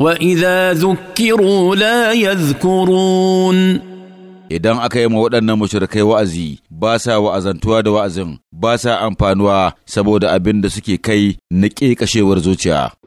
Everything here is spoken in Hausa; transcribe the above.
وإذا ذكروا لا يذكرون idan aka yi ma waɗannan mushrikai wa'azi ba sa wa'azantuwa da wa'azin ba sa amfanuwa saboda abin da suke kai na ƙeƙashewar zuciya